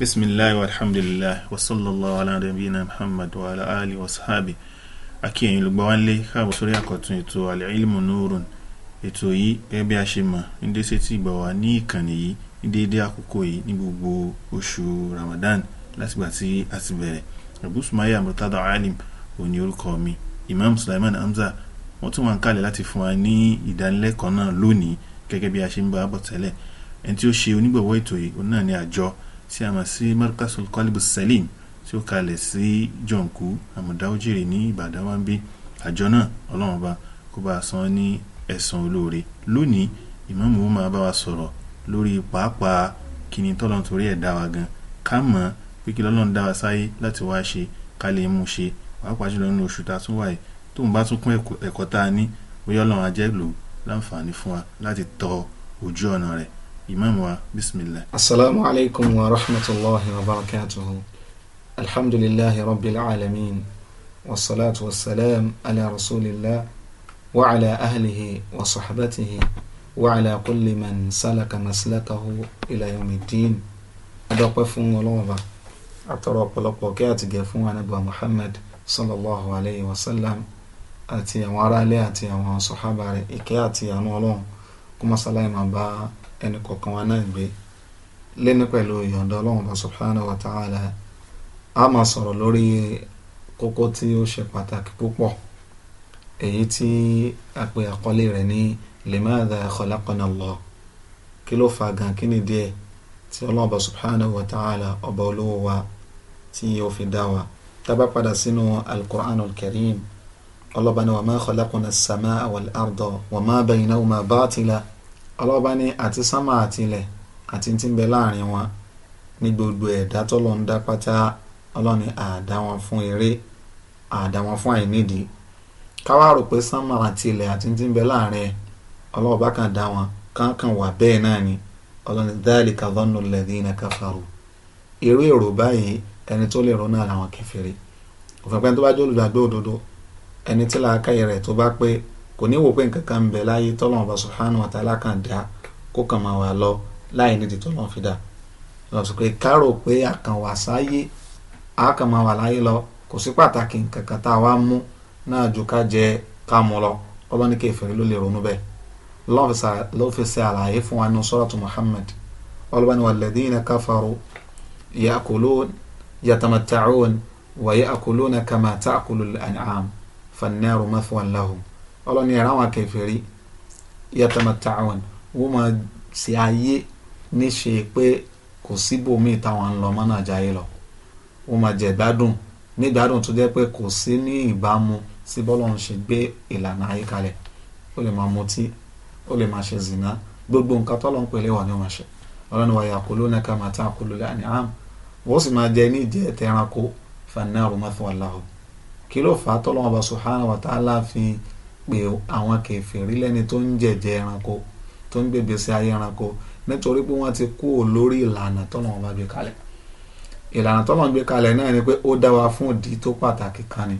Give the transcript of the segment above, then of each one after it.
bisimilahi alhamdulilahi wasalaamu ala nabiyina muhammad wa ala ali wa sahabi akínyìn lùgbọ́ wá lé káàbọ̀ sórí àkọ́tún ètò al-ilmu nurun ètò yìí gẹ́gẹ́ bí a ṣe mọ̀ ní déṣe tí ìgbà wá ní ìkànnì yìí ní déédéé àkókò yìí ní gbogbo oṣù ramadan látìgbà tí a ti bẹ̀rẹ̀ abu sumaya murtada alim òní orúkọ mi imam sulaiman hamza wọ́n tún wà ń kalẹ̀ láti fún wa ní ìdánilẹ́kọ̀ọ́ náà lónìí gẹ́gẹ́ bí a ṣe ń bá a bọ̀ tẹ́lẹ̀ ẹni tí ó ṣe onígbọ̀wọ́ ètò yìí òun náà ní àjọ tí a mọ̀ sí markasul kọlibu salim tí ó kalẹ̀ sí jọ̀ǹkú àmọ̀dáwójèrè ní ìbàdàn wa ń bí àjọ náà ọlọ́run bá kó bá a san ní ẹ̀san olóore lónìí ìmáàmù ó máa bá wa sọ̀rọ̀ lórí pàápàá kíni tọ́lọ́n torí ẹ̀ dá wa gan ká mọ̀ pé kí lọ́lọ́run dá wa sáyé láti wá ṣe ká lè mú ṣe pàápàá jùlọ nínú oṣù tá a tún wà yìí tóun bá tún kún ẹ̀kọ́ tá a ní bóyá ọlọ́run á lò láǹfààní fún wa láti tọ ojú ọ̀nà rẹ̀ ìmáàmù wa bisimilah. asalaamu alaykum wa rahmatulahi wa barakatuhu alhamdulilahi rabbil alamin wasalaatu wasalaam ala rasulillah wa ala ahlihi wa saxbatihi wa ala kulli man salaka maslakahu ila yomi diin adọ́pẹ́ fún ọlọ́wọ́ba àtọ̀rọ̀ ọ̀pọ̀lọpọ̀ kí àti gẹ̀ fún anábà muhammad sallallahu alayhi wa sallam àti àwọn aráalé àti àwọn sọ̀hábà rẹ̀ ìkẹ́ àti àánú ọlọ́run kó masalai ẹnì kọ̀ọ̀kan wa náà gbé lẹ́ni pẹ̀lú ìyọ̀ǹda ọlọ́run bá subhanahu wa ta'ala a máa sọ̀rọ̀ lórí kókó tí ó ṣe pàtàkì púpọ̀ èyí tí a pè àkọlé rẹ̀ ní limadha khalaqana Allah kí ló fa gan kí ni díẹ̀ tí ọlọ́run bá subhanahu wa ta'ala ọba olówó wa tí ó fi dá wa tábà padà sínú al-Qur'an al-Karim ọlọ́ba ni wa ma khalaqna as-samaa wal-arda wa ma baynahuma baatila ọlọ́ba ní àti sánmà àti ilẹ̀ àti tí ń bẹ láàrin wọn ní gbogbo ẹ̀dá tọ́lọ́ ń dá pátá ọlọ́ni àdá wọn fún eré àdá wọn fún àìnídìí káwá rò pé sánmà àti ilẹ̀ àti tí ń bẹ láàrin ẹ̀ ọlọ́ọ̀bá kan dá wọn kankan wà bẹ́ẹ̀ náà ni ọlọ́ni dhalika dhannu alladhina kafaru irú èrò báyìí ẹni tó lè ronú àwọn kèfèrí òfin pẹ́ńtó bá òdodo ẹni tí làákàyè rẹ̀ tó bá pé kò ní wò pé nǹkan kan ń bẹ láyé tọ́lọ́wọ́n bá subhanahu wa ta'ala kan dá kó kàn máa wà lọ láì nídìí tọ́lọ́wọ́n fi dá lọ sí pé kárò pé a kàn wà sáyé a kàn máa wà láyé lọ kò sí pàtàkì nǹkan kan tá a wá mú náà ju ká jẹ ká mu lọ ọlọ́ni kẹfẹ́rẹ́ ló lè ronú bẹ́ẹ̀ ló fi ṣe àlàyé fún wa ní suratu Muhammad ọlọ́ni walladhina kafaru ya'kulun yatamatta'un wa ya'kuluna kama ta'kulul an'am fan-naru mathwan lahum ọlọ́ni ẹ̀rọ àwọn akẹfẹ̀rí yatamatta'un wọ́n máa ṣe ayé níṣe pé kò síbòmíì táwọn ń lọ mọ́nà àjáyé lọ wọ́n máa jẹ gbádùn nígbádùn tó jẹ́ pé kò sí ní ìbámu sí bọ́lọ̀ ń ṣe gbé ìlànà ayé kalẹ̀ ó lè máa mutí ó lè máa ṣe zina gbogbo nǹkan tọ́lọ́ ń pèlè wà ní wọn ṣe ọlọ́ni wa yaquluna kama ta'kulu al-an'am wọ́n sì máa jẹ ní ìjẹ́ tẹranko fannaru mathwa lahum kí ló fà á tọ́lọ́ bá subhanahu wa ta'ala pe àwọn kèfèrí lẹ́ni tó ń jẹ̀jẹ̀ ẹranko tó ń gbé ìgbésí ayé ẹranko nítorí pé wọ́n ti kú lórí ìlànà tọ́lọ́run bá gbé kalẹ̀ ìlànà tọ́lọ́run gbé kalẹ̀ náà ni pé ó dá wa fún ìdí tó pàtàkì kan ni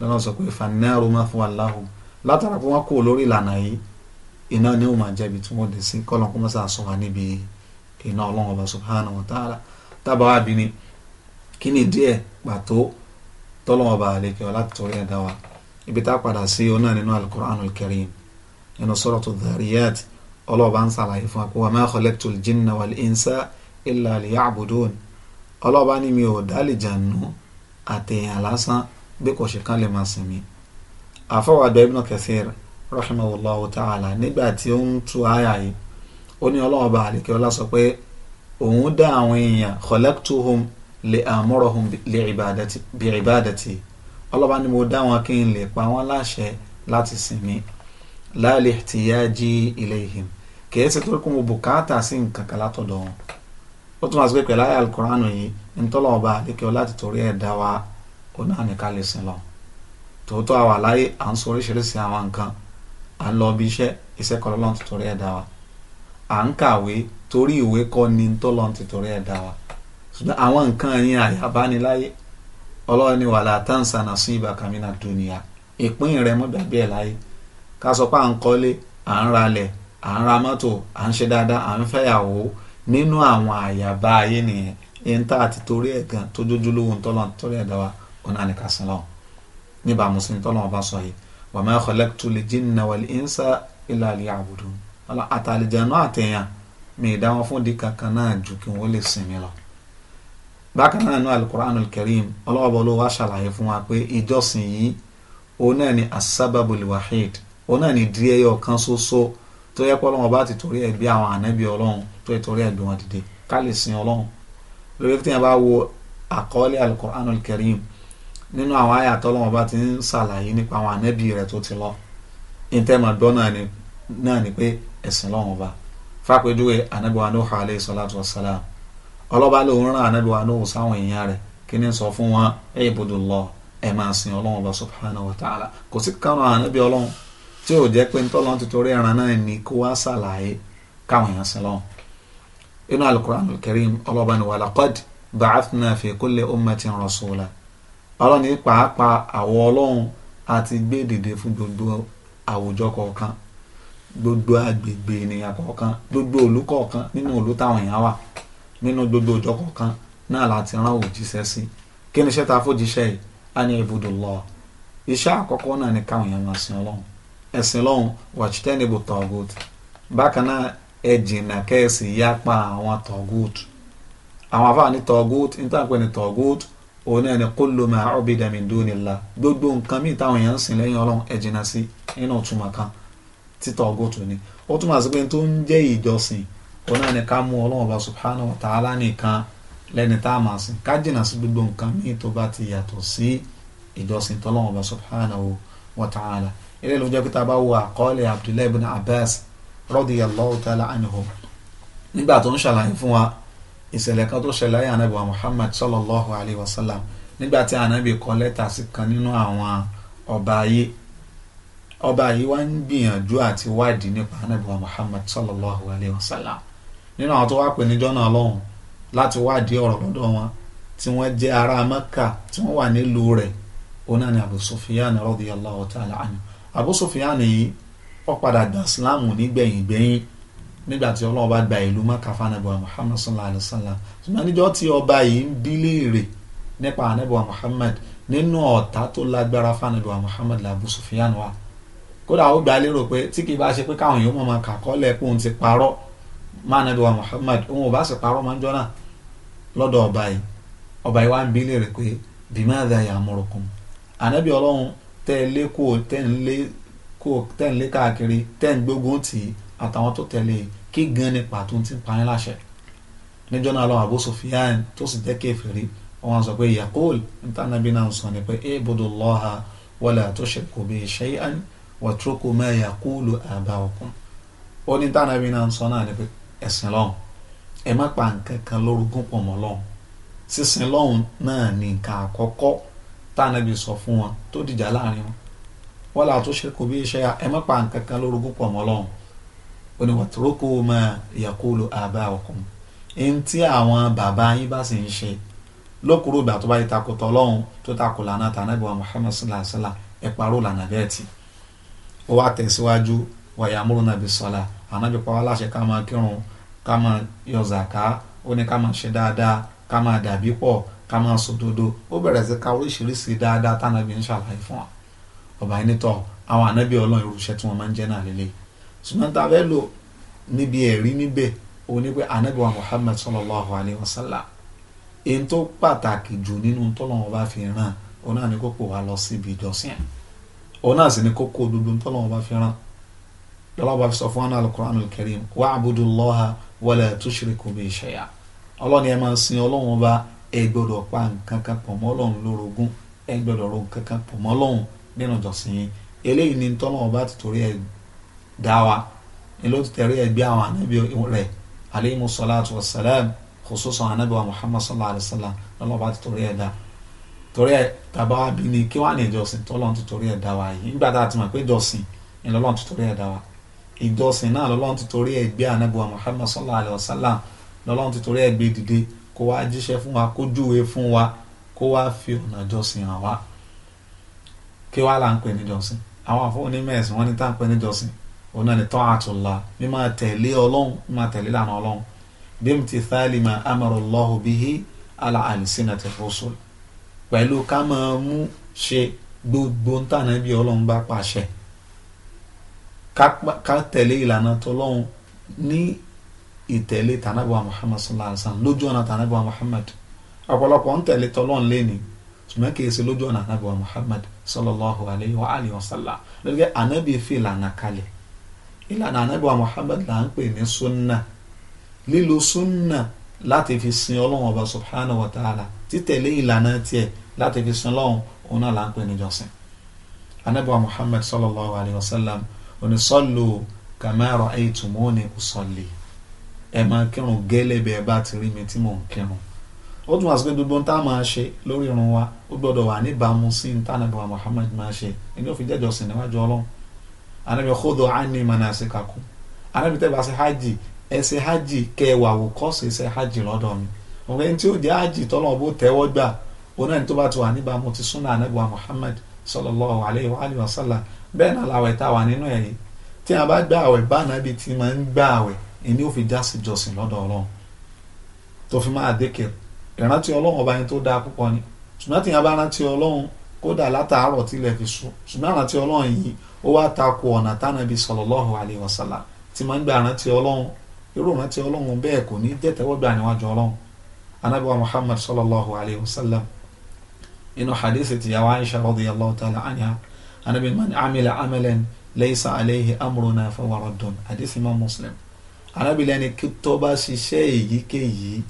lọ́nà sọ pé fanáàrú máa fún wa láhùn látara pé wọ́n kú lórí ìlànà yìí iná ni ó máa jẹ́bi tí wọ́n dé sí kọ́lọ́n kó má sà sọ wa níbi iná ọlọ́run ọba subhanahu wa ta'ala tábà wá bí ni kí ni díẹ̀ pàtó tọ́lọ́run ọba àlekẹ́ ọ láti torí ẹ̀dá wa ibi tá a padà sí ọ náà nínú al-Qur'anul Karim nínú Suratul Dhariyat ọlọ́ọ̀bá ń sàlàyé fún wa pé wa ma khalaqtul jinna wal insa illa liya'budun ọlọ́ọ̀bá ní mi ò dálè jànú àtẹ̀yìn àlásán bí kò ṣe kán lè máa sìn mí. àfọwàdọ Ibn Kathir rahimahullahu ta'ala nígbà tí ó ń tu àyà yìí ó ní ọlọ́ọ̀bá àlèkè ọlá sọ pé òun dá àwọn èèyàn khalaqtuhum li amurahum bi ibadati ọlọ́ba ni mo dá wọn kí n lè pa wọ́n láṣẹ láti sìn mí láàlẹ́ tí yá jí ilé ìhìn kìí ṣe tó kó mo bùkátà sí nǹkan kan látọ̀dọ̀ wọn ó tún wá sí pé pẹ̀lú ayé alukóránù yìí ntọ́lọ̀ ọba àdékẹ́ láti torí ẹ̀ dá wa ó náà ní ká lè sìn lọ tòótọ́ àwa láyé à ń sọ oríṣiríṣi àwọn nǹkan à ń lọ bí iṣẹ́ iṣẹ́ kọ́ lọ́n ti torí ẹ̀ dá wa à ń kàwé torí ìwé kọ́ ni ntọ́lọ́ ti torí ẹ̀ dá wa àwọn nǹkan yẹn àyàbániláyé ọlọ́run ni wàlá tansa nasibaka mina dunya ìpín rẹ mọ́ gbàgbé ẹ̀ láyé ká sọ pé à ń kọ́lé à ń ralẹ̀ à ń ra mọ́tò à ń ṣe dáadáa à ń fẹ́yàwó nínú àwọn àyàbá ayé nìyẹn ẹni tá a ti torí ẹ̀ gan tó jójúlówó ntọ́lọ́n torí ẹ̀dá wa ọ̀nà àníkàsán lọ́wọ́ níbà mùsùlùmí tọ́lọ́wọ́ bá sọ yìí wa ma khalaqtu lil jinna wal insa illa liya'budun àtàlìjànú àtẹ̀yàn mi ìdáwọn fún di kankan náà ju kí wọ́n lè sinmi lọ bákan náà nínú alukur'an alkarim ọlọ́wọ́ bọ́ ló wá ṣàlàyé fún wa pé ìjọsìn yìí òun náà ni asababul wahid òun náà ni díẹ̀ yọ kan ṣoṣo tó yẹ pé ọlọ́wọ́ bá ti torí ẹ̀ bí àwọn ànábì ọlọ́run tó yẹ torí ẹ̀ bí wọn dìde ká lè sin ọlọ́run lórí fi tẹ́yìn bá wo àkọọ́lẹ̀ alukur'an alkarim nínú àwọn àyà tọ́lọ́wọ́ bá ti ń ṣàlàyé nípa àwọn ànábì rẹ̀ tó ti lọ ìtẹ́mọ̀gbọ́ náà ni pé ẹ̀sìn lọ́wọ́ ọlọ́ba lòun rán ànábìwá lóhùn sáwọn èèyàn rẹ̀ kí ni sọ fún wọn ẹ ibùdó lọ ẹ máa sin ọlọ́run lọ subhanahu wa ta'ala kò sí kánú ànábì ọlọ́run tí ò jẹ́ pé ntọ́lọ́run ti torí ẹran náà ni kó wá ṣàlàyé káwọn èèyàn sin lọ́hùn inú al-Qur'an al-Karim ọlọ́ba ni walaqad ba'athna fi kulli ummatin rasula pàápàá àwọ ọlọ́run nínú gbogbo ọjọ́ kọ̀ọ̀kan náà láti rán òjíṣẹ́ sí kí ni iṣẹ́ ta fòjíṣẹ́ yìí á ní ibùdó lọ iṣẹ́ àkọ́kọ́ náà ni káwọn èèyàn máa sin ọlọ́run ẹ̀sìn ọlọ́run wàchítẹ́ níbo tọ̀gùt bákan náà ẹ jìnnà kẹ́ẹ̀sì yápa àwọn tọ̀gùt àwọn afáà ní tọ̀gùt nítaǹpẹ́ ní tọ̀gùt òun náà ni kullu ma ubida min dunillah gbogbo nǹkan míì táwọn èèyàn ń sìn lẹ́yìn ọlọ́run ẹ jìnnà sí nínú ìtumọ̀ kan tí tọ̀gùt ni ó túmọ̀ sí pé tó ń jẹ́ ìjọsìn òun náà ni ká mú ọlọ́run ọba subhanahu wa ta'ala nìkan lẹ́ni tá a máa sìn ká jìnnà sí gbogbo nǹkan míì tó bá ti yàtọ̀ sí ìjọsìn tọ́lọ́run ọba subhanahu wa ta'ala ilé ìlú jẹ́ pé tá a bá wo àkọọ́lẹ̀ abdullahi ibn abbas radiyallahu ta'ala anhu nígbà tó ń ṣàlàyé fún wa ìṣẹ̀lẹ̀ kan tó ṣẹlẹ̀ ayé anabi wa muhammad sallallahu alayhi wa sallam nígbà tí anabi kọ lẹ́tà sí kan nínú àwọn ọba ayé ọba yìí wá ń gbìyànjú àti wádìí nípa anabi wa muhammad sallallahu alayhi wa sallam nínú àwọn tó wá pè níjọ́ náà lọ́hùn láti wádìí ọ̀rọ̀ lọ́dọ̀ wọn tí wọ́n jẹ́ ará mẹ́kà tí wọ́n wà nílùú rẹ̀ ọ̀nà ni abu sofiyan radiyallahu ta'ala anhu abu sofiyan yìí ó padà gba islam nígbẹ̀yìngbẹ̀yìn nígbà tí ọlọ́run bá gba ìlú mẹ́kà fanabuwa muhammad sallallahu alayhi wa sallam ṣùgbọ́n níjọ́ tí ọba yìí ń bí léèrè nípa anabuwa muhammad nínú ọ̀tá tó lágbára fanabuwa muhammad la abu sofiyan wa kódà ó gbà lérò pé tí kì í bá ṣe pé káwọn yòó mọ̀ máa kàkọ́ lẹ́kùn ti parọ́ máa nàbí wa Muhammad òun ò bá sì parọ́ máa ń jọ́nà lọ́dọ̀ ọba yìí ọba yìí wá ń bílẹ̀ rẹ̀ pé bimadha ya'murukum ànábì ọlọ́run tẹ́ ẹ lé tẹ́ ń lé kó tẹ́ ń lé káàkiri tẹ́ ń gbógun tì í àtàwọn tó tẹ̀lé e, kí gan ni pàtó ti pa láṣẹ níjọ́ náà ma ó níta náà sọ ẹ̀sìn lọ́hùn ẹ má pa nǹkan kan lórogún pọ̀ mọ́ lọ́hùn sísìn lọ́hùn náà ni nǹkan àkọ́kọ́ tánàbí sọ fún wọn tó dìjà láàrin wọn wọ́n là tó ṣekú bí iṣẹ́ ẹ má pa nǹkan kan lórogún pọ̀ mọ́ lọ́hùn ó ní wàtúrókò máa àbá ọkùn ẹni tí àwọn bàbá yín bá sì ń ṣe lókùrú ìgbà tó bá yẹ takòtò ọlọ́run tó takò lànà tànàbí wa Muhammad sallallahu alaihi wa ẹ parọ́ lànà bẹ́ẹ̀ tì ó wá tẹ̀síwájú wàyà múrùnàbí sọlá ànábì ká máa yọ zàká ó ní ká máa ṣe dáadáa ká máa dàbí pọ̀ ká máa sòdodo ó bẹ̀rẹ̀ sí ká oríṣiríṣi dáadáa tánàbí ń ṣàlàyé fún wa ọba yìí nítọ́ àwọn ànábì ọlọ́run irúṣẹ́ tí wọ́n máa ń jẹ́ náà lélẹ̀ ṣùgbọ́n tá a fẹ́ lò níbi ẹ̀rí níbẹ̀ ó ní pé ànábì wa Muhammad sallallahu alayhi wa sallam èyí tó pàtàkì jù nínú tọ́lọ́wọ́n bá fi ràn òun náà ní kó pò lọ síbi ìjọsìn òun náà sì ní kó kó tọ́lọ́wọ́n bá fi ràn lọ́wọ́ bá fi sọ fún al-Qur'an al-Karim wa'budu Allaha wa la tushriku bihi shay'a ọlọ́ni ẹ máa sin ọlọ́run ọba ẹ gbọ́dọ̀ pa nǹkan kan pọ̀ mọ́ ọlọ́run lórogún ẹ gbọ́dọ̀ ro nǹkan kan pọ̀ mọ́ ọlọ́run nínú ìjọsìn yín eléyìí ni tọ́lọ́run ọba ti torí ẹ dá wa ni ló ti tẹ̀rí ẹ gbé àwọn ànábì rẹ aleyhimu salatu wa salam khususan wa muhammad sallallahu alayhi wa sallam lọ́lọ́ ti torí ẹ dá torí ẹ tàbá ìjọsìn náà lọ́lọ́run ti torí ẹ̀ gbé ànábùwà Muhammad sallallahu alayhi wa sallam lọ́lọ́run ti torí ẹ̀ gbé dìde kó wá jíṣẹ́ fún wa kó júwe fún wa kó wá fi ọ̀nà jọsìn hàn wá kí wá là ń pè ní jọsìn àwọn àfọwọ́ ní mẹ́sìn wọ́n ní tá à ń pè ní jọsìn òun náà ní tọ́ àtúnlá mímọ́ tẹ̀lé ọlọ́run mímọ́ tẹ̀lé lànà ọlọ́run bímú ti thali ma amara Allahu bihi ala alsinati rusul pẹ̀lú ká máa mú ṣe gbogbo ntànà bí ọlọ́run bá pàṣẹ ká tẹ̀lé ìlànà tọlọ́hún ní ìtẹ̀lé tànàbọ̀ Muhammad sallallahu alaihi wasallam lójú ọ̀nà tànàbọ̀ Muhammad ọ̀pọ̀lọpọ̀ ń tẹ̀lé tọlọ́hún lẹ́ni ṣùgbọ́n kì í ṣe lójú ọ̀nà tànàbọ̀ Muhammad sallallahu alaihi wa alihi wasallam lórí ànábì fi ìlànà kalẹ̀ ìlànà ànábọ̀ Muhammad là ń pè ní sunna lílo sunna láti fi sin ọlọ́run ọba subhanahu wa ta'ala títẹ̀lé ìlànà tiẹ̀ láti fi sin ọlọ́run òun òní sọ́lù kama ra'aytumuni usalli ẹ máa kírun gẹ́lẹ́ bẹ́ẹ̀ bá ti rí mi tí mò ń kírun ó tún wá gbogbo ń tá ṣe lórí irun wa ó gbọ́dọ̀ wà níbàámu sí ń tá ànábì Muhammad máa ṣe ẹni ó fi jẹ́jọ́ sí níwájú ọlọ́run ànábì khudhu anni manasikakum ànábì tẹ́ bá ṣe hajj ẹ ṣe hajj kẹwà wò kọ́ọ̀sì ṣe hajj lọ́dọ̀ mi ọ̀rẹ́ tí ó jẹ́ hajj tọ́lọ́ bó tẹ́wọ́ gbà òun ní tó bá ti wà níbàámu ti súnà ànábì wa Muhammad sallallahu alayhi wa sallam bẹ́ẹ̀ náà làwẹ̀ tá a wà nínú ẹ̀ yìí tí a bá gbà àwẹ̀ bá nàbí tí máa ń gbà àwẹ̀ ìní ò fi já sí jọsìn lọ́dọ̀ ọlọ́run tó fi máa dékè ìrántí ọlọ́run ọba yẹn tó dáa púpọ̀ ni ṣùgbọ́n tí a bá rántí ọlọ́run kódà látàárọ̀ tilẹ̀ fi sùn ṣùgbọ́n rántí ọlọ́run yìí ó wá takò ọ̀nà tánàbí sallallahu alayhi wa sallam tí máa ń gbà rántí ọlọ́run irú rántí ọlọ́run bẹ́ẹ̀ inú hadithi ti yàwá aisha radiyallahu ta'ala anha anabi man amila amalan laysa alayhi amruna fahuwa raddun hadithi ma muslim anabi lẹni tó bá ṣiṣẹ́ èyíkéyìí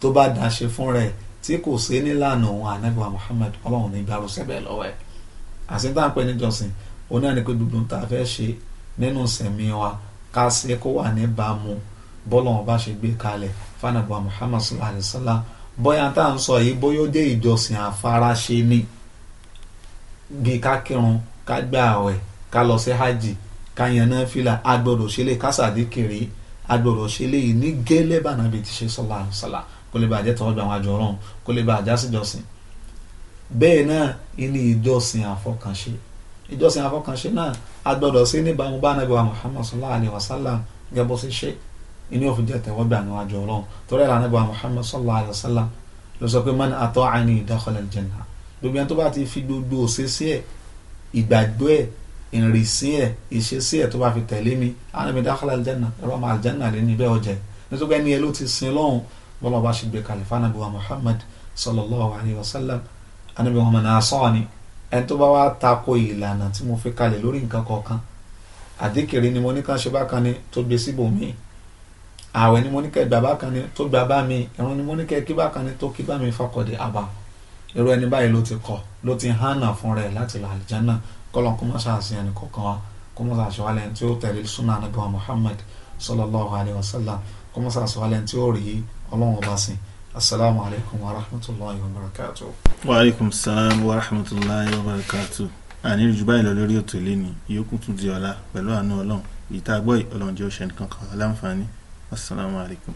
tó bá dáṣe fún rẹ̀ tí kò sí nílànà òun anabi wa muhammad ọlọ́run ní gbàrú sẹ́bẹ̀ lọ́wọ́ ẹ̀ àṣetán pé níjọsìn òun náà ni pé gbogbo tá a fẹ́ ṣe nínú sẹ̀mí wa ká ṣe kó wà níbàámu bọ́lọ́run bá ṣe gbé kalẹ̀ fanabu muhammad sallallahu alayhi wa sallam bóyá tá à ń sọ yìí bóyá ó jẹ́ ìjọsìn àfaraṣe ni bíi ká kírun ká gba àwẹ̀ ká lọ sí hajj ká yan nàfílà agbọ́dọ̀ ṣe lè kásàdíkiri agbọ́dọ̀ ṣe lè ní gẹ́lẹ́ bànàbí ti ṣe sọ́lá sọ́lá kó lè bàjẹ́ tọ́jú àwọn àjọ ọlọ́run kó lè bàjẹ́ síjọsìn bẹ́ẹ̀ náà ìní ìjọsìn àfọkànṣe ìjọsìn àfọkànṣe náà agbọ́dọ̀ sí níbàámu muhammadu sallallahu alayhi wa sallam gẹ́gẹ́ bó ṣe ṣe inú òfin jẹ́ tẹ̀wọ́ gbà níwájú ọlọ́run torí ẹ̀lànà ìbọn Muhammad sallallahu alayhi wa sallam ló sọ pé man ata'ani dakhala al-janna gbogbo ẹni tó bá ti fi gbogbo òṣèṣe ẹ̀ ìgbàgbọ́ ẹ̀ ìrìnsí ẹ̀ ìṣesí ẹ̀ tó bá fi tẹ̀lé mi ànàmì dakhala al-janna ẹ̀rọ máa al-janna lé níbẹ̀ ọ̀jẹ̀ nítorí ẹni ẹ ló ti sin lọ́hùn bọ́lá bá ṣe gbé kàlífà nàbí wa Muhammad sallallahu àdékèrè ni mo ní ká ṣe bákan ni tó gbé síbòmíì ààwẹ̀ ni mo ní kẹ́ gbà bákan ni tó gbà bá mi ẹ̀rùn ni mo ní kẹ́ kí bákan ni tó kí bá mi fakọ̀dé àbá irú ẹni báyìí ló ti kọ̀ ló ti hànà fún rẹ̀ láti là àlìjánà kọ́lọ́n kó má ṣàṣeyàn ní kọ̀ọ̀kan wa kó má ṣàṣewálẹ̀ tí ó tẹ̀lé sunnah Ànábì wa Muhammad sallallahu alayhi wa sallam kó má ṣàṣewálẹ̀ tí ó rí ọlọ́run ọba sìn asalaamu alaykum wa rahmatulahi wa barakatu. wa aleykum salaam wa rahmatulahi wa barakatu. àní jù báyìí lọ lórí ètò ìléni ìyókù tún di ọ̀la pẹ̀lú àánú ọlọ́run ìta gbọ́ ọlọ́run jẹ́ òṣèlú aláǹfààní assalamu alaikum